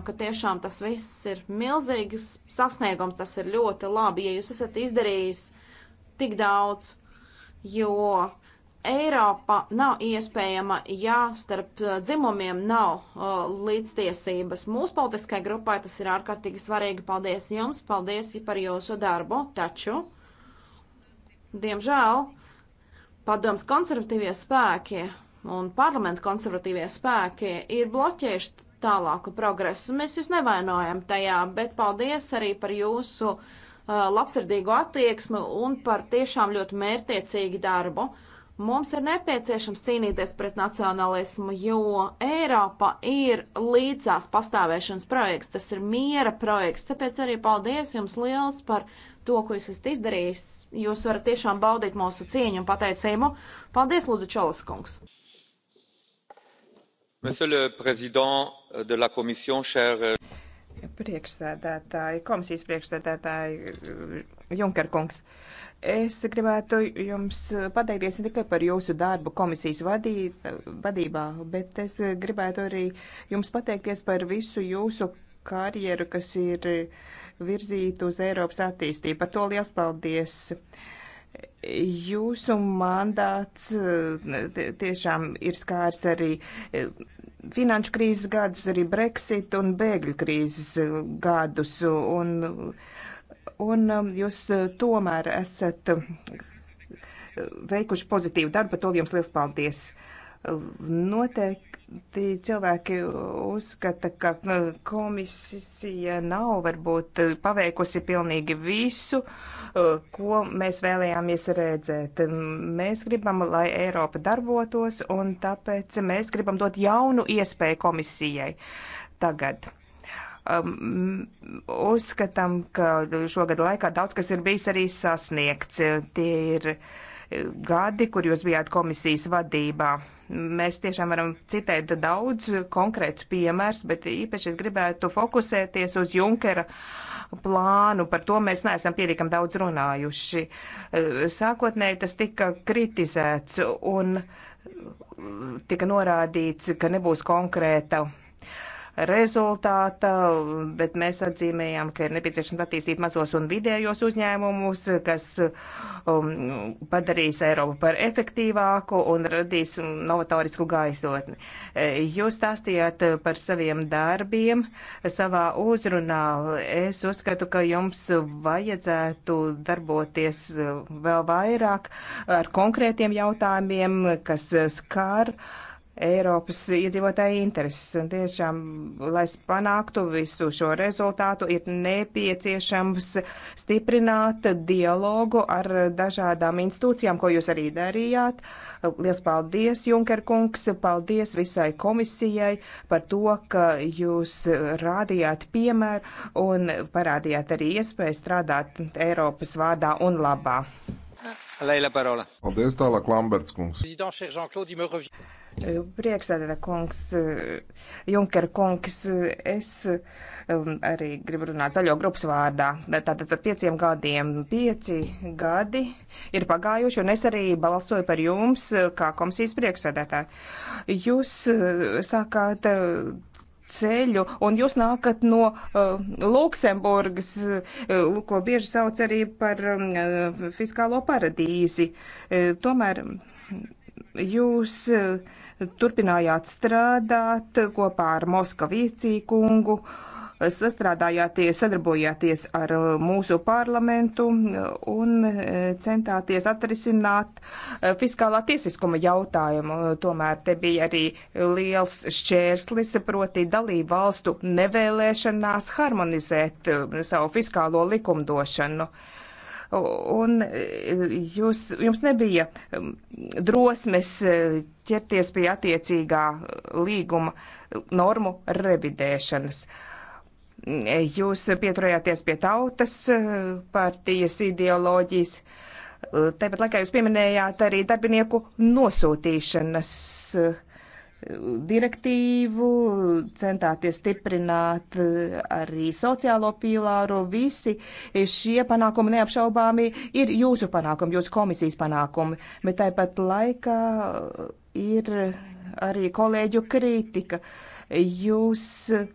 ka tiešām tas viss ir milzīgs sasniegums, tas ir ļoti labi, ja jūs esat izdarījis tik daudz, jo Eiropa nav iespējama, ja starp uh, dzimumiem nav uh, līdztiesības. Mūsu politiskai grupai tas ir ārkārtīgi svarīgi. Paldies jums, paldies par jūsu darbu, taču, diemžēl, padoms konservatīvie spēki un parlamenta konservatīvie spēki ir bloķējuši tālāku progresu. Mēs jūs nevainojam tajā, bet paldies arī par jūsu uh, labsirdīgo attieksmi un par tiešām ļoti mērtiecīgu darbu. Mums ir nepieciešams cīnīties pret nacionalismu, jo Eiropa ir līdzās pastāvēšanas projekts, tas ir miera projekts, tāpēc arī paldies jums liels par to, ko jūs esat izdarījis. Jūs varat tiešām baudīt mūsu cieņu un pateicību. Paldies, Lūdzu Čolaskungs! Monsieur le Président de la Commission, cher. Euh, priekšsēdētāji, komisijas priekšsēdētāji, uh, Junker kungs. Es gribētu jums pateikties ne tikai par jūsu darbu komisijas vadī, uh, vadībā, bet es gribētu arī jums pateikties par visu jūsu karjeru, kas ir virzīta uz Eiropas attīstību. Par to liels paldies! Uh, jūsu mandāts eh, tiešām ir skārs arī eh, finanšu krīzes gadus, arī Brexit un bēgļu krīzes eh, gadus. Un, un um, jūs tomēr esat veikuši pozitīvu darbu, par to jums liels paldies. Noteikti cilvēki uzskata, ka komisija nav varbūt paveikusi pilnīgi visu, e, ko mēs vēlējāmies redzēt. Mēs gribam, lai Eiropa darbotos, un tāpēc mēs gribam dot jaunu iespēju komisijai tagad. Um, uzskatām, ka šogad laikā daudz kas ir bijis arī sasniegts. Tie ir uh, gadi, kur jūs bijāt komisijas vadībā. Mēs tiešām varam citēt daudz konkrēts piemērs, bet īpaši es gribētu fokusēties uz Junkera plānu. Par to mēs neesam pietiekam daudz runājuši. Sākotnēji tas tika kritizēts un tika norādīts, ka nebūs konkrēta rezultāta, bet mēs atzīmējām, ka ir nepieciešams attīstīt mazos un vidējos uzņēmumus, kas um, padarīs Eiropu par efektīvāku un radīs novatorisku gaisotni. Jūs stāstījāt par saviem darbiem savā uzrunā. Es uzskatu, ka jums vajadzētu darboties vēl vairāk ar konkrētiem jautājumiem, kas skar uh, Eiropas iedzīvotāju intereses. Un tiešām, lai panāktu visu šo rezultātu, ir nepieciešams stiprināt dialogu ar dažādām institūcijām, ko jūs arī darījāt. Lielas paldies, Junker kungs, paldies visai komisijai par to, ka jūs rādījāt piemēru un parādījāt arī iespēju strādāt Eiropas vārdā un labā. Paldies tālāk, Lamberts kungs. Priekšsēdētā kungs, Junker kungs, es um, arī gribu runāt zaļo grupas vārdā. Tātad par pieciem gadiem. Pieci gadi ir pagājuši, un es arī balsoju par jums uh, kā komisijas priekšsēdētā. Jūs uh, sākāt uh, ceļu, un jūs nākat no uh, Luksemburgas, uh, ko bieži sauc arī par um, fiskālo paradīzi. Uh, tomēr. Uh, Jūs eh, turpinājāt strādāt kopā ar Moskavīcī kungu, sastrādājāties, sadarbojāties ar eh, mūsu parlamentu eh, un centāties atrisināt fiskālā tiesiskuma jautājumu. Tomēr te bija arī liels šķērslis, proti dalību valstu nevēlēšanās harmonizēt savu fiskālo likumdošanu. Uh, un eh, jūs, jums nebija mm, drosmes eh, ķerties pie attiecīgā eh, līguma normu revidēšanas. Jūs pieturējāties pie tautas partijas ideoloģijas. Tāpat laikā jūs pieminējāt arī darbinieku nosūtīšanas uh, direktīvu, centāties stiprināt eh, arī sociālo pīlāru. Visi šie panākumi neapšaubāmi ir jūsu panākumi, jūsu komisijas panākumi, bet tāpat laikā eh, ir arī kolēģu kritika. Jūs eh,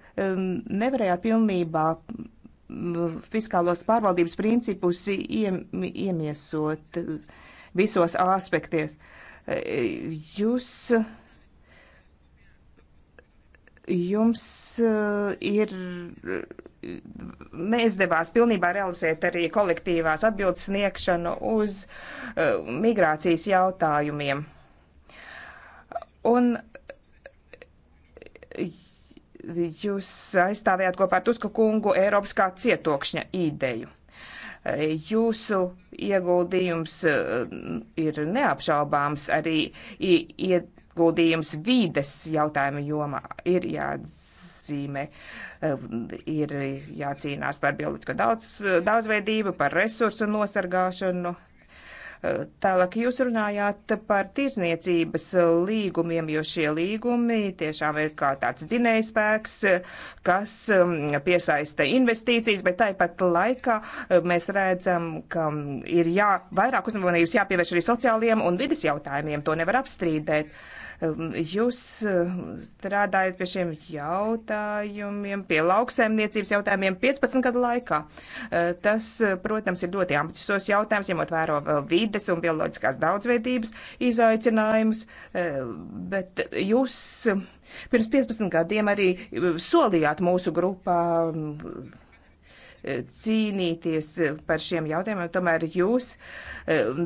nevarējāt pilnībā mm, fiskālos pārvaldības principus iemiesot visos aspekties. Jūs uh, jums eh, ir neizdevās pilnībā realizēt arī kolektīvās atbildes sniegšanu uz eh, migrācijas jautājumiem. Un jūs aizstāvējāt kopā ar Tuska kungu Eiropas kā cietokšņa ideju jūsu ieguldījums eh, ir neapšaubāms arī Ieguldījums vīdes jautājuma jomā ir jāatzīmē, ehm, ir jācīnās par bioloģisko daudz, daudzveidību, par resursu nosargāšanu. Ehm, tālāk jūs runājāt par tirdzniecības līgumiem, jo šie līgumi tiešām ir kā tāds dzinējspēks, kas ehm, piesaista investīcijas, bet tāpat laikā mēs redzam, ka ir jā, vairāk uzmanības jāpievērš arī sociāliem un vidas jautājumiem. To nevar apstrīdēt. Uh, Jūs eh, strādājat pie šiem jautājumiem, pie lauksaimniecības jautājumiem 15 gadu laikā. Eh, tas, eh, protams, ir ļoti ambiciozs jautājums, ņemot vērā vides un bioloģiskās daudzveidības izaicinājumus, bet jūs pirms 15 gadiem arī solījāt mūsu grupā mm, cīnīties par šiem jautājumiem, tomēr jūs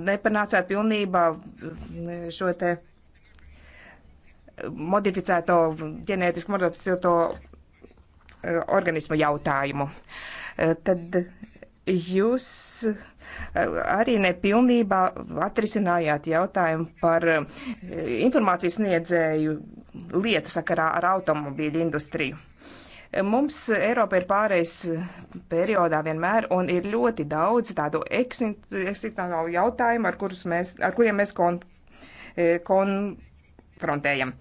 nepanācāt pilnībā mm, šo te modificēto, ģenētiski modificēto eh, organismu jautājumu. Eh, tad jūs eh, arī nepilnībā atrisinājāt jautājumu par informācijas sniedzēju lietu sakarā ar automobīļu industriju. Mums Eiropa ir pārējais periodā vienmēr, un ir ļoti daudz tādu eksistenciālu jautājumu, ar, mēs, ar kuriem mēs kon, kon, konfrontējam.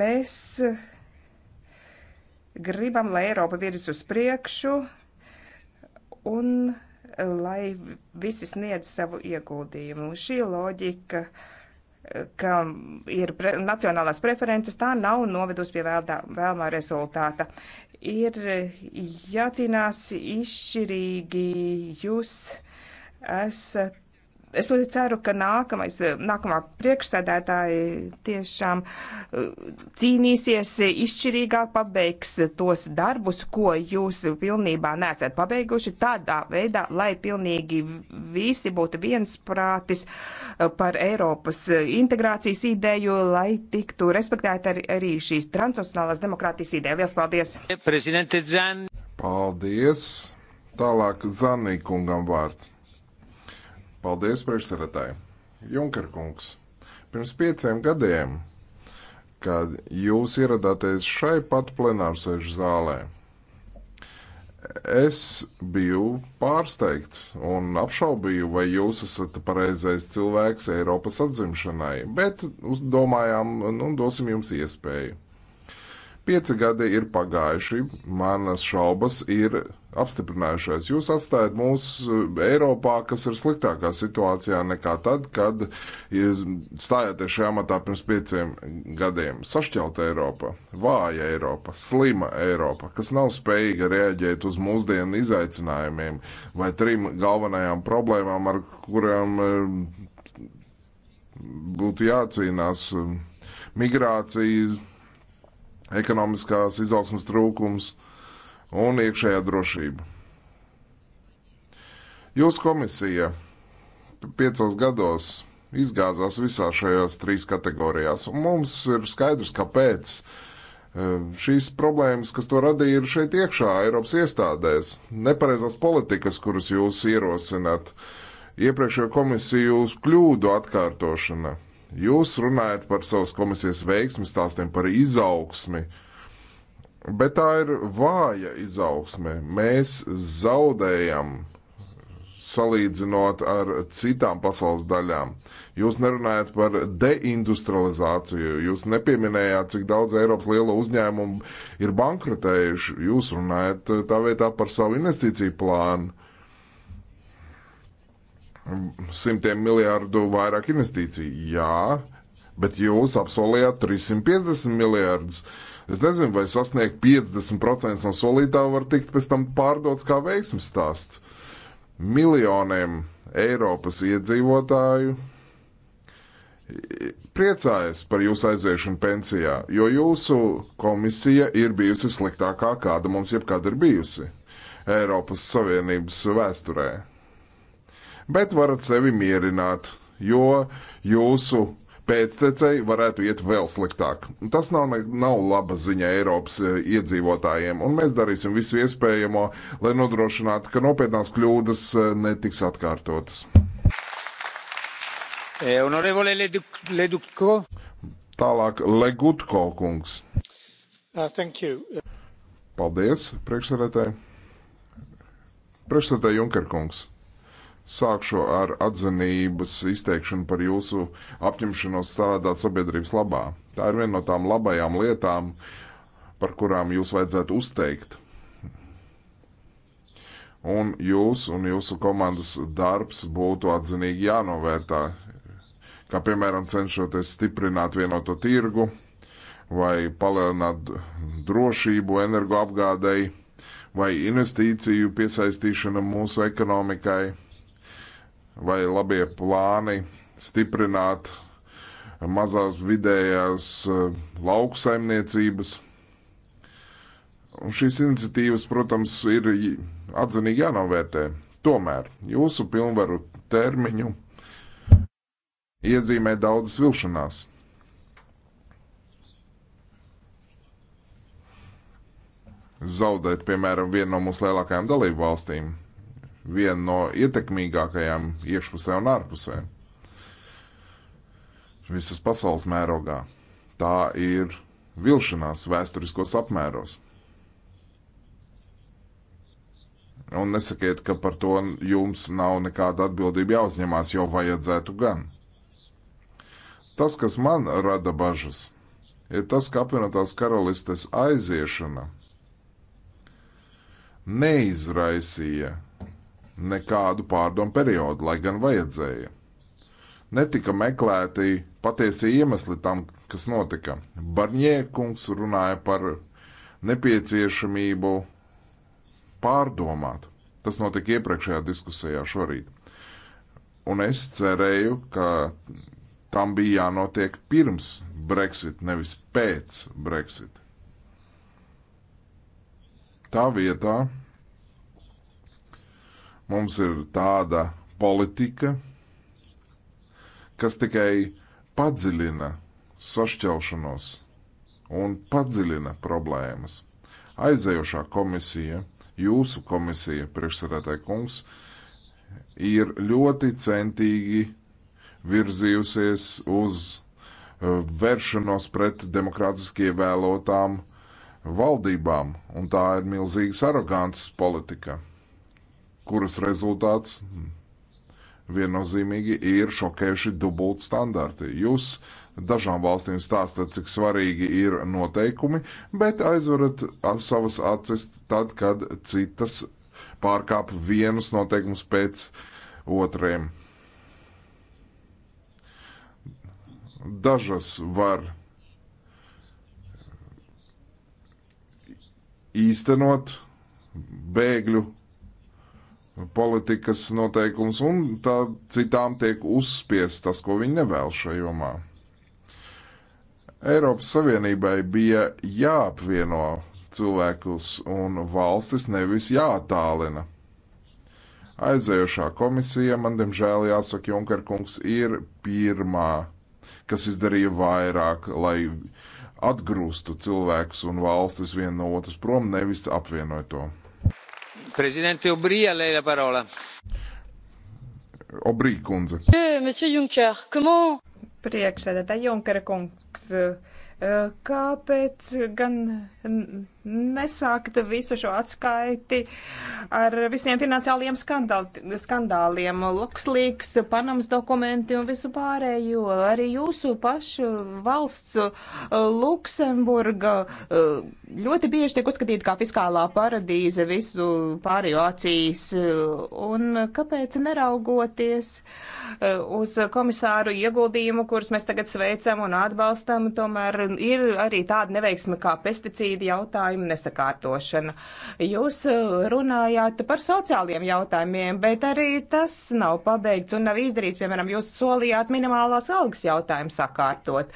Mēs gribam, lai Eiropa virz uz priekšu un lai visi sniedz savu ieguldījumu. Šī loģika ka ir pre, nacionālās preferences, tā nav novedusi pie vēldā, vēlmā rezultāta. Ir jācīnās izšķirīgi, jūs esat Es ļoti ceru, ka nākamais, nākamā priekšsēdētāja tiešām uh, cīnīsies izšķirīgāk, pabeigs tos darbus, ko jūs pilnībā nesat pabeiguši, tādā veidā, lai pilnīgi visi būtu viensprātis uh, par Eiropas integrācijas ideju, lai tiktu respektēta ar, arī šīs transnacionālās demokrātijas ideja. Lielas paldies! Prezidente Zan! Paldies! Tālāk Zanī kungam vārds. Paldies, priekšsēdētāji! Junker kungs, pirms pieciem gadiem, kad jūs ieradāties šai pat plenārsēžu zālē, es biju pārsteigts un apšaubīju, vai jūs esat pareizais cilvēks Eiropas atzimšanai, bet domājām, nu, dosim jums iespēju. Pieci gadi ir pagājuši, manas šaubas ir apstiprinājušās. Jūs atstājat mūs uh, Eiropā, kas ir sliktākā situācijā nekā tad, kad stājāties šajā matā pirms pieciem gadiem. Sašķelta Eiropa, vāja Eiropa, slima Eiropa, kas nav spējīga reaģēt uz mūsdienu izaicinājumiem vai trim galvenajām problēmām, ar kurām uh, būtu jācīnās uh, migrācija, ekonomiskās izaugsmas trūkums un iekšējā drošība. Jūsu komisija piecos gados izgāzās visās šajās trīs kategorijās, un mums ir skaidrs, kāpēc. E, šīs problēmas, kas to radīja, ir šeit iekšā, Eiropas iestādēs, nepareizās politikas, kuras jūs ierosināt, iepriekšējo komisiju kļūdu atkārtošana Jūs runājat par savas komisijas veiksmi, stāstiem par izaugsmi, bet tā ir vāja izaugsme. Mēs zaudējam salīdzinot ar citām pasaules daļām. Jūs nerunājat par deindustrializāciju, jūs nepieminējāt, cik daudz Eiropas lielo uzņēmumu ir bankrotējuši. Jūs runājat tā vietā par savu investīciju plānu simtiem miljārdu vairāk investīciju. Jā, bet jūs apsolījāt 350 miljārdus. Es nezinu, vai sasniegt 50% no solītā var tikt pēc tam pārdots kā veiksmes stāsts. Miljoniem Eiropas iedzīvotāju priecājas par jūsu aiziešanu pensijā, jo jūsu komisija ir bijusi sliktākā, kāda mums jebkad ir bijusi Eiropas Savienības vēsturē bet varat sevi mierināt, jo jūsu pēctecēji varētu iet vēl sliktāk. Tas nav, nav laba ziņa Eiropas e, iedzīvotājiem, un mēs darīsim visu iespējamo, lai nodrošinātu, ka nopietnās kļūdas e, netiks atkārtotas. E, honorevole Ledutko. Tālāk Legutko kungs. Uh, thank you. Paldies, priekšsēdētāji. Priekšsēdētāji Junker kungs. Sākšu ar atzinības izteikšanu par jūsu apņemšanos strādāt sabiedrības labā. Tā ir viena no tām labajām lietām, par kurām jūs vajadzētu uzteikt. Un jūs un jūsu komandas darbs būtu atzinīgi jānovērtā, kā piemēram cenšoties stiprināt vienoto tirgu vai palielināt drošību energoapgādēji vai investīciju piesaistīšana mūsu ekonomikai vai labie plāni stiprināt mazās vidējās eh, lauksaimniecības. Un šīs iniciatīvas, protams, ir atzinīgi jānovērtē. Tomēr jūsu pilnvaru termiņu iezīmē daudzas vilšanās. Zaudēt, piemēram, vienu no mūsu lielākajām dalību valstīm viena no ietekmīgākajām iekšpusē un ārpusē. Visas pasaules mērogā. Tā ir vilšanās vēsturiskos apmēros. Un nesakiet, ka par to jums nav nekāda atbildība jāuzņemās, jo vajadzētu gan. Tas, kas man rada bažas, ir tas, ka apvienotās karalistes aiziešana neizraisīja nekādu pārdomu periodu, lai gan vajadzēja. Netika meklēti patiesie iemesli tam, kas notika. Barņiekungs runāja par nepieciešamību pārdomāt. Tas notika iepriekšējā diskusijā šorīt. Un es cerēju, ka tam bija jānotiek pirms Brexit, nevis pēc Brexit. Tā vietā Mums ir tāda politika, kas tikai padziļina sašķelšanos un padziļina problēmas. Aizējošā komisija, jūsu komisija, priekšsēdētāji kungs, ir ļoti centīgi virzījusies uz uh, vēršanos pret demokrātiski ievēlotām valdībām, un tā ir milzīgas arogants politika kuras rezultāts hmm, viennozīmīgi ir šokējuši dubult standarti. Jūs dažām valstīm stāstat, cik svarīgi ir noteikumi, bet aizverat savas acis tad, kad citas pārkāp vienus noteikumus pēc otriem. Dažas var īstenot bēgļu politikas noteikums, un tā citām tiek uzspiest tas, ko viņi nevēl šajā jomā. Eiropas Savienībai bija jāapvieno cilvēkus un valstis, nevis jātālina aizējošā komisija, man diemžēl jāsaka, Junker kungs ir pirmā, kas izdarīja vairāk, lai atgrūstu cilvēkus un valstis vienu no otras prom, nevis apvienot to. Prezidente Obrija, lei la parola. Obrī kundze. Monsieur Juncker, comment? Priekšsēdētāj Junkera kungs, eh, kāpēc gan nesākt visu šo atskaiti ar visiem finansiāliem skandāli, skandāliem, Luxlīks, Panamas dokumenti un visu pārējo. Arī jūsu pašu valsts uh, Luksemburga uh, ļoti bieži tiek uzskatīta kā fiskālā paradīze visu pārējo acīs. Uh, un kāpēc neraugoties uz komisāru ieguldījumu, kurus mēs tagad sveicam un atbalstam, tomēr ir arī tāda neveiksme kā pesticīdi jautājumi? jautājumu nesakārtošanu. Jūs uh, runājāt par sociāliem jautājumiem, bet arī tas nav pabeigts un nav izdarīts. Piemēram, jūs solījāt minimālās algas jautājumu sakārtot.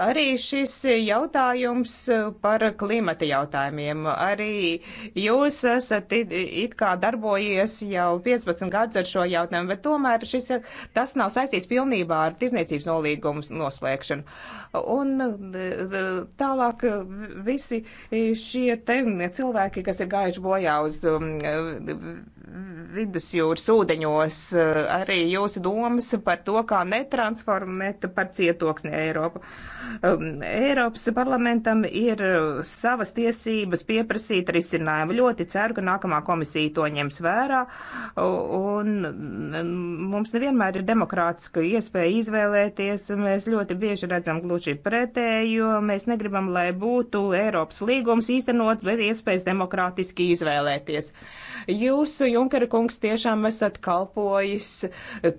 Arī šis jautājums uh, par klimata jautājumiem. Arī jūs esat it, it kā darbojies jau 15 gadus ar šo jautājumu, bet tomēr šis, tas nav saistīts pilnībā ar tirzniecības nolīgumu noslēgšanu. Un uh, tālāk visi šie te cilvēki, kas ir gājuši bojā uz um, vidusjūras ūdeņos arī jūsu domas par to, kā netransformēt par cietoksni Eiropu. Um, Eiropas parlamentam ir savas tiesības pieprasīt risinājumu. Ļoti ceru, ka nākamā komisija to ņems vērā, un mums nevienmēr ir demokrātiska iespēja izvēlēties. Mēs ļoti bieži redzam gluži pretējo. Mēs negribam, lai būtu Eiropas līgums īstenot, bet iespējas demokrātiski izvēlēties. Jūsu, jūsu Junkera kungs, tiešām esat kalpojis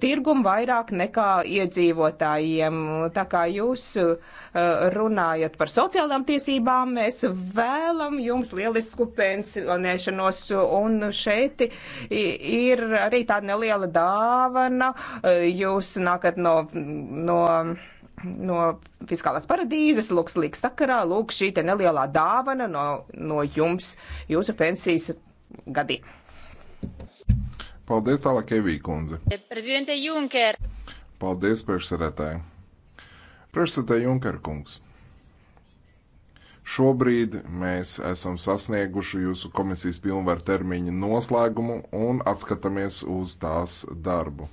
tirgumu vairāk nekā iedzīvotājiem. Tā kā jūs uh, runājat par sociālām tiesībām, mēs vēlam jums lielisku pensionēšanos. Un šeit ir arī tāda neliela dāvana. Jūs nākat no. no no fiskālās paradīzes, lūkslīgas sakarā, lūk šī te nelielā dāvana no, no jums jūsu pensijas gadiem. Paldies tālāk, Evī kundze. Prezidente Junker. Paldies, priekšsarētāji. Priekšsarētāji Junker kungs. Šobrīd mēs esam sasnieguši jūsu komisijas pilnvaru termiņa noslēgumu un atskatāmies uz tās darbu.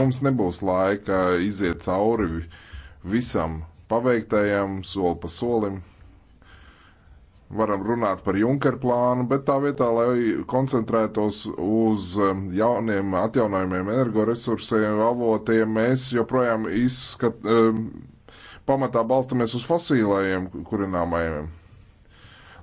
Mums nebūs laika iziet cauri visam paveiktajam, soli pa solim varam runāt par Junker plānu, bet tā vietā, lai koncentrētos uz um, jauniem atjaunojumiem energoresursiem, avotiem, mēs joprojām izskat, um, pamatā balstamies uz fosīlajiem kurināmajiem.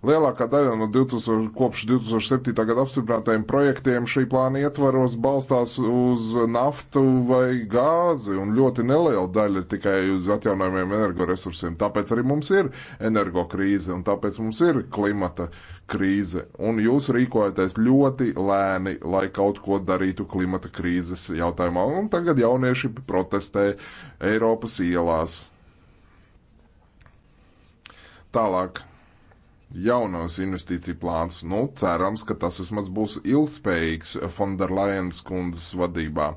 Lielākā daļa no 2000, kopš 2007. gada apstiprinātajiem projektiem šī plāna ietvaros balstās uz naftu vai gāzi, un ļoti neliela daļa tikai uz atjaunojumiem energoresursiem. Tāpēc arī mums ir energokrīze, un tāpēc mums ir klimata krīze. Un jūs rīkojaties ļoti lēni, lai kaut ko darītu klimata krīzes jautājumā, un tagad jaunieši protestē Eiropas ielās. Tālāk jaunos investīciju plāns. Nu, cerams, ka tas vismaz būs ilgspējīgs Fonderlajenas kundzes vadībā.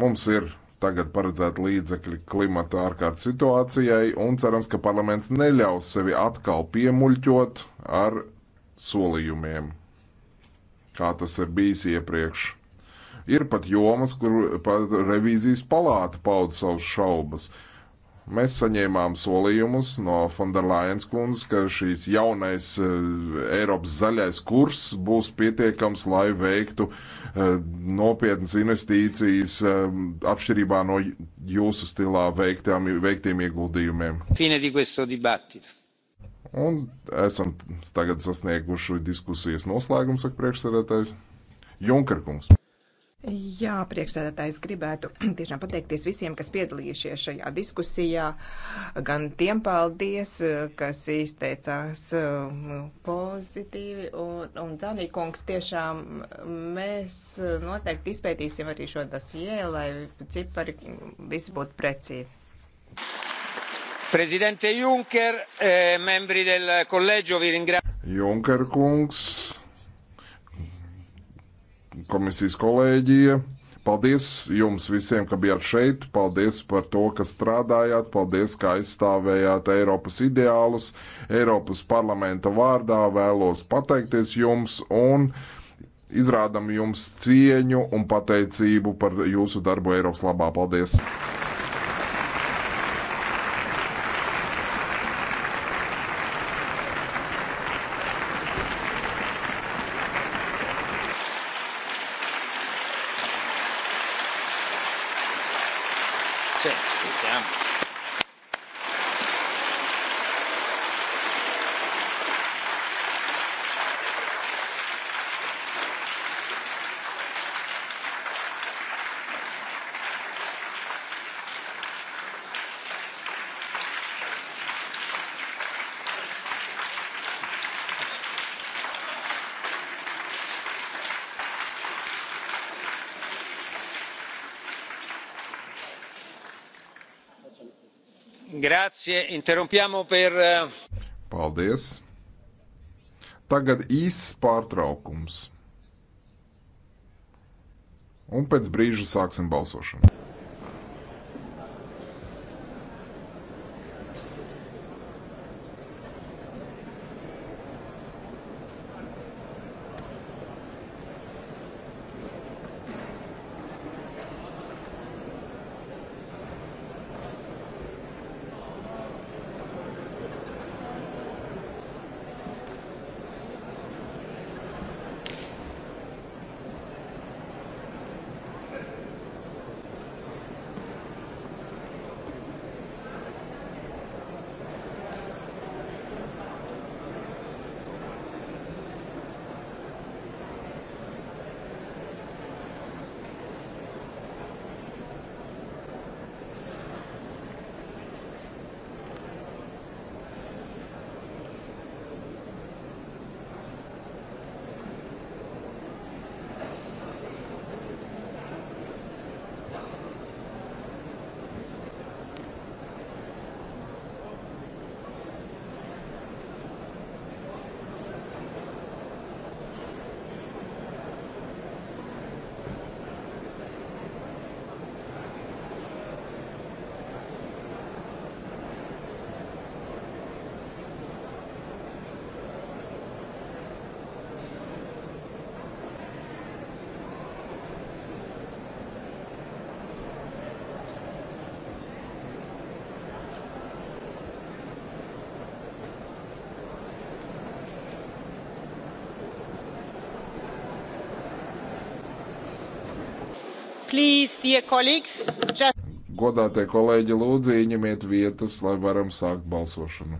Mums ir tagad paredzēta līdzekļi klimata ārkārtas situācijai, un cerams, ka parlaments neļaus sevi atkal piemuļķot ar solījumiem, kā tas ir bijis iepriekš. Ir pat jomas, kur pat revīzijas palāta pauda savus šaubas. Mēs saņēmām solījumus no Fonderlajens kundzes, ka šīs jaunais eh, Eiropas zaļais kurs būs pietiekams, lai veiktu eh, nopietnas investīcijas eh, atšķirībā no jūsu stilā veiktām, veiktiem ieguldījumiem. Un esam tagad sasnieguši diskusijas noslēgumu, saka priekšsēdētājs Junkerkungs. Jā, priekšsēdētājs gribētu tiešām pateikties visiem, kas piedalījušies šajā diskusijā. Gan tiem paldies, kas izteicās um, pozitīvi. Un, un Zanīkungs, tiešām mēs noteikti izpētīsim arī šo dosie, lai cipari visi būtu precīzi. Prezidente Juncker, eh, membri del kolēģo, vi ringrazio. Junker kungs komisijas kolēģija. Paldies jums visiem, ka bijāt šeit. Paldies par to, ka strādājāt. Paldies, ka aizstāvējāt Eiropas ideālus. Eiropas parlamenta vārdā vēlos pateikties jums un izrādam jums cieņu un pateicību par jūsu darbu Eiropas labā. Paldies! Grazie, interrumpiamo per. Eh, Paldies. Tagad īss pārtraukums. Un pēc brīža sāksim balsošanu. Please, dear colleagues, just... Godātie kolēģi, lūdzu, ieņemiet vietas, lai varam sākt balsošanu.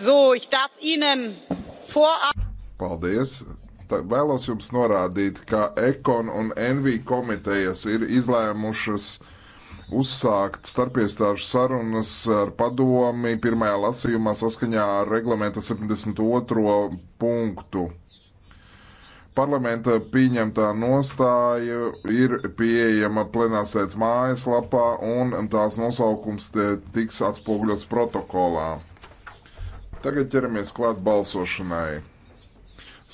So, ich darf Ihnen vorab. Paldies! Tā, vēlos jums norādīt, ka Ekon un Envī komitejas ir izlēmušas uh, uzsākt starpiestāžu sarunas ar padomi pirmajā lasījumā saskaņā ar reglamenta 72. punktu. Parlamenta pieņemtā nostāja ir pieejama plenārsēdes mājaslapā un tās nosaukums tiks atspoguļots protokolā. Tagad ķeramies klāt balsošanai.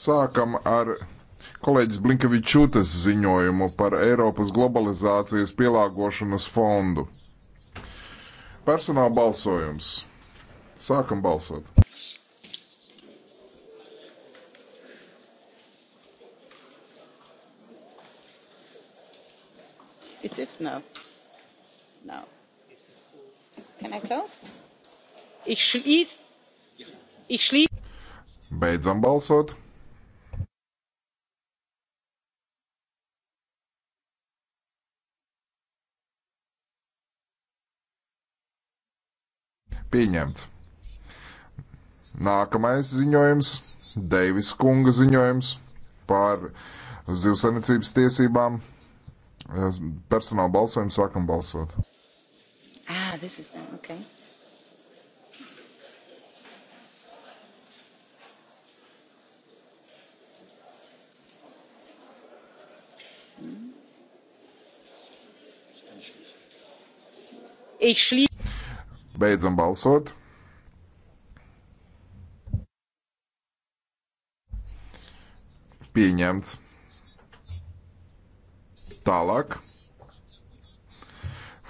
Sākam ar kolēģis Blinkevičūtas ziņojumu par Eiropas globalizācijas pielāgošanas fondu. Personāla balsojums. Sākam balsot. Is this no? No. Can I close? Ich schließe. Ich schließe. Beidzam balsot. Pieņemts. Nākamais ziņojums - Deivis Kunga ziņojums par zivsanicības tiesībām. Personāla balsojumu sākam balsot. Ah, this is done. Okay. ich schließe. Beidzam balsot. Pieņemts. Tālāk.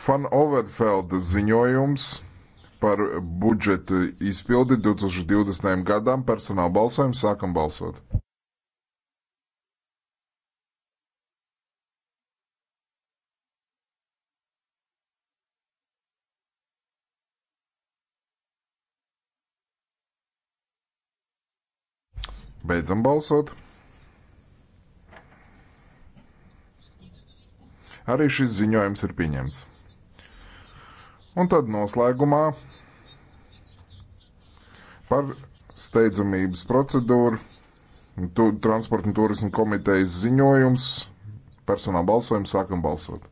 Fan Overfelda ziņojums par budžeta izpildi 2020. gadam personāla balsojumu sākam balsot. Beidzam balsot. Arī šis ziņojums ir pieņemts. Un tad noslēgumā par steidzamības procedūru tu, transporta un turisma komitejas ziņojums. Personāla balsojums sākam balsot.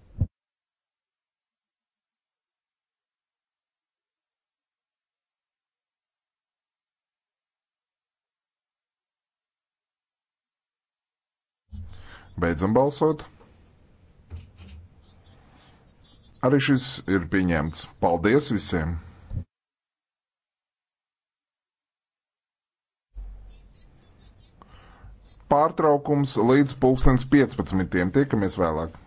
Beidzam balsot. Arī šis ir pieņemts. Paldies visiem! Pārtraukums līdz pulkstens 15. Tiekamies vēlāk!